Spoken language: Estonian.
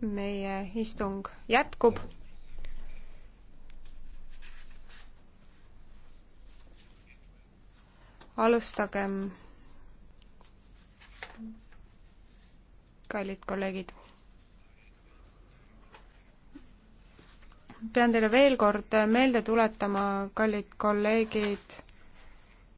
meie istung jätkub. alustagem, kallid kolleegid. pean teile veel kord meelde tuletama, kallid kolleegid